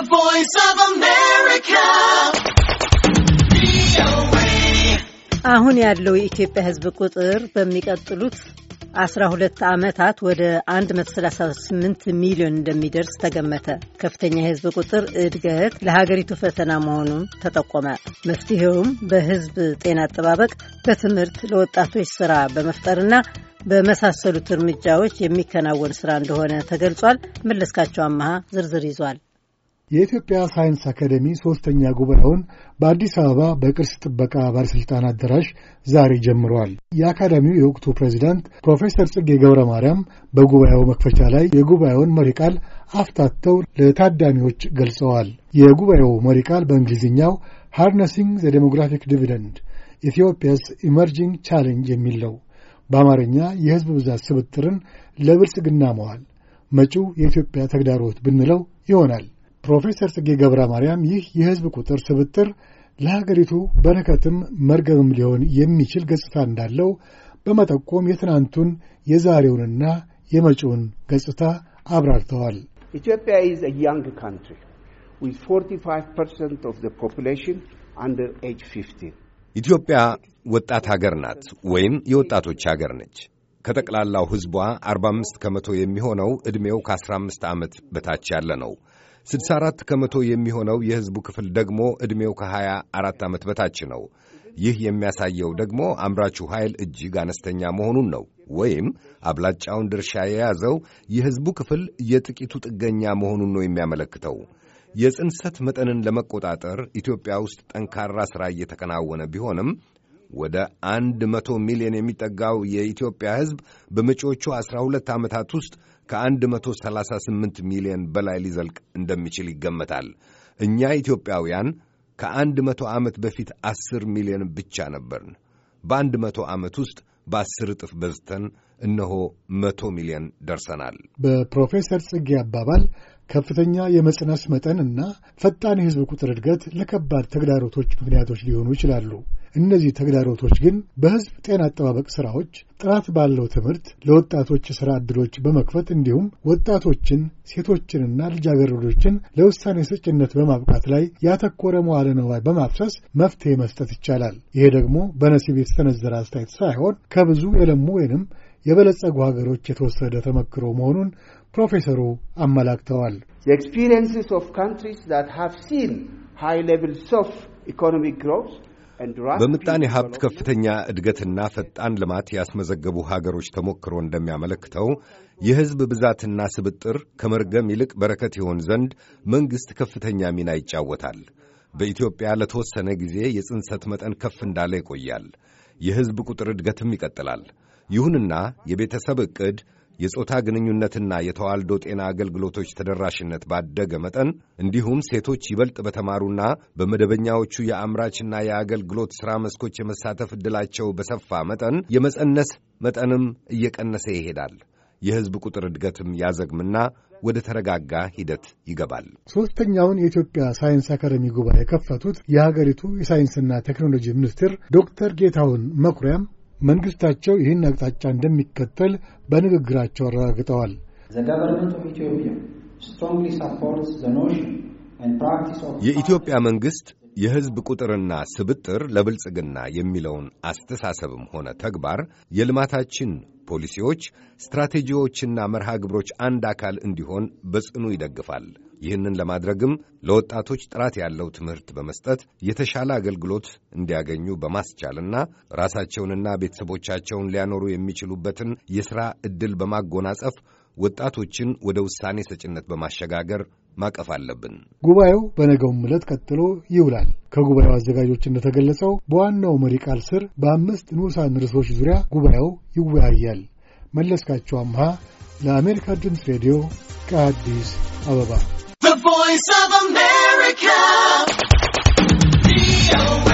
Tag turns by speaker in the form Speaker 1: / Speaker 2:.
Speaker 1: The Voice of America. አሁን ያለው የኢትዮጵያ ሕዝብ ቁጥር በሚቀጥሉት 12 ዓመታት ወደ 138 ሚሊዮን እንደሚደርስ ተገመተ። ከፍተኛ የሕዝብ ቁጥር እድገት ለሀገሪቱ ፈተና መሆኑን ተጠቆመ። መፍትሄውም በሕዝብ ጤና አጠባበቅ፣ በትምህርት፣ ለወጣቶች ስራ በመፍጠርና በመሳሰሉት እርምጃዎች የሚከናወን ስራ እንደሆነ ተገልጿል። መለስካቸው አመሃ ዝርዝር ይዟል።
Speaker 2: የኢትዮጵያ ሳይንስ አካደሚ ሦስተኛ ጉባኤውን በአዲስ አበባ በቅርስ ጥበቃ ባለሥልጣን አዳራሽ ዛሬ ጀምረዋል። የአካዳሚው የወቅቱ ፕሬዚዳንት ፕሮፌሰር ጽጌ ገብረ ማርያም በጉባኤው መክፈቻ ላይ የጉባኤውን መሪ ቃል አፍታተው ለታዳሚዎች ገልጸዋል። የጉባኤው መሪ ቃል በእንግሊዝኛው ሃርነሲንግ ዘ ዴሞግራፊክ ዲቪደንድ ኢትዮጵያስ ኢመርጂንግ ቻሌንጅ የሚል ነው። በአማርኛ የሕዝብ ብዛት ስብጥርን ለብልጽግና መዋል መጪው የኢትዮጵያ ተግዳሮት ብንለው ይሆናል። ፕሮፌሰር ጽጌ ገብረ ማርያም ይህ የህዝብ ቁጥር ስብጥር ለሀገሪቱ በረከትም መርገምም ሊሆን የሚችል ገጽታ እንዳለው በመጠቆም የትናንቱን የዛሬውንና የመጪውን ገጽታ አብራርተዋል።
Speaker 1: ኢትዮጵያ ኢዝ አ ያንግ ካንትሪ ዊዝ 45% ኦፍ ዘ ፖፑሌሽን አንደር ኤጅ 15 ኢትዮጵያ ወጣት ሀገር ናት ወይም የወጣቶች ሀገር ነች። ከጠቅላላው ህዝቧ 45 ከመቶ የሚሆነው ዕድሜው ከ15 ዓመት በታች ያለ ነው። 64 ከመቶ የሚሆነው የሕዝቡ ክፍል ደግሞ ዕድሜው ከ24 ዓመት በታች ነው። ይህ የሚያሳየው ደግሞ አምራቹ ኃይል እጅግ አነስተኛ መሆኑን ነው። ወይም አብላጫውን ድርሻ የያዘው የሕዝቡ ክፍል የጥቂቱ ጥገኛ መሆኑን ነው የሚያመለክተው። የጽንሰት መጠንን ለመቆጣጠር ኢትዮጵያ ውስጥ ጠንካራ ሥራ እየተከናወነ ቢሆንም ወደ አንድ መቶ ሚሊዮን የሚጠጋው የኢትዮጵያ ሕዝብ በመጪዎቹ ዐሥራ ሁለት ዓመታት ውስጥ ከ138 ሚሊዮን በላይ ሊዘልቅ እንደሚችል ይገመታል። እኛ ኢትዮጵያውያን ከአንድ መቶ ዓመት በፊት አስር ሚሊዮን ብቻ ነበርን። በአንድ መቶ ዓመት ውስጥ በአስር እጥፍ በዝተን እነሆ መቶ ሚሊዮን ደርሰናል።
Speaker 2: በፕሮፌሰር ጽጌ አባባል ከፍተኛ የመጽነስ መጠን እና ፈጣን የሕዝብ ቁጥር እድገት ለከባድ ተግዳሮቶች ምክንያቶች ሊሆኑ ይችላሉ። እነዚህ ተግዳሮቶች ግን በሕዝብ ጤና አጠባበቅ ሥራዎች፣ ጥራት ባለው ትምህርት፣ ለወጣቶች የሥራ ዕድሎች በመክፈት እንዲሁም ወጣቶችን ሴቶችንና ልጃገረዶችን ለውሳኔ ሰጭነት በማብቃት ላይ ያተኮረ መዋለ ነዋይ በማፍሰስ መፍትሄ መስጠት ይቻላል። ይሄ ደግሞ በነሲብ የተሰነዘረ አስተያየት ሳይሆን ከብዙ የለሙ ወይንም የበለጸጉ ሀገሮች የተወሰደ ተመክሮ መሆኑን ፕሮፌሰሩ አመላክተዋል።
Speaker 1: ኤክስፒሪየንስስ ኦፍ ካንትሪስ ሃቭ ሲን ሃይ ሌቭልስ ኦፍ ኢኮኖሚክ ግሮውዝ በምጣኔ ሀብት ከፍተኛ እድገትና ፈጣን ልማት ያስመዘገቡ ሀገሮች ተሞክሮ እንደሚያመለክተው የሕዝብ ብዛትና ስብጥር ከመርገም ይልቅ በረከት ይሆን ዘንድ መንግሥት ከፍተኛ ሚና ይጫወታል። በኢትዮጵያ ለተወሰነ ጊዜ የጽንሰት መጠን ከፍ እንዳለ ይቆያል። የሕዝብ ቁጥር እድገትም ይቀጥላል። ይሁንና የቤተሰብ ዕቅድ የጾታ ግንኙነትና የተዋልዶ ጤና አገልግሎቶች ተደራሽነት ባደገ መጠን እንዲሁም ሴቶች ይበልጥ በተማሩና በመደበኛዎቹ የአምራችና የአገልግሎት ሥራ መስኮች የመሳተፍ ዕድላቸው በሰፋ መጠን የመጸነስ መጠንም እየቀነሰ ይሄዳል። የሕዝብ ቁጥር እድገትም ያዘግምና ወደ ተረጋጋ ሂደት ይገባል። ሦስተኛውን
Speaker 2: የኢትዮጵያ ሳይንስ አካደሚ ጉባኤ የከፈቱት የሀገሪቱ የሳይንስና ቴክኖሎጂ ሚኒስትር ዶክተር ጌታሁን መኩሪያም መንግስታቸው ይህን አቅጣጫ እንደሚከተል በንግግራቸው አረጋግጠዋል።
Speaker 1: የኢትዮጵያ መንግስት የህዝብ ቁጥርና ስብጥር ለብልጽግና የሚለውን አስተሳሰብም ሆነ ተግባር የልማታችን ፖሊሲዎች፣ ስትራቴጂዎችና መርሃ ግብሮች አንድ አካል እንዲሆን በጽኑ ይደግፋል። ይህንን ለማድረግም ለወጣቶች ጥራት ያለው ትምህርት በመስጠት የተሻለ አገልግሎት እንዲያገኙ በማስቻልና ራሳቸውንና ቤተሰቦቻቸውን ሊያኖሩ የሚችሉበትን የሥራ ዕድል በማጎናጸፍ ወጣቶችን ወደ ውሳኔ ሰጭነት በማሸጋገር ማቀፍ አለብን።
Speaker 2: ጉባኤው በነገውም ዕለት ቀጥሎ ይውላል። ከጉባኤው አዘጋጆች እንደተገለጸው በዋናው መሪ ቃል ስር በአምስት ንዑሳን ርዕሶች ዙሪያ ጉባኤው ይወያያል። መለስካቸው አምሃ ለአሜሪካ ድምፅ ሬዲዮ ከአዲስ አበባ
Speaker 1: Voice of America.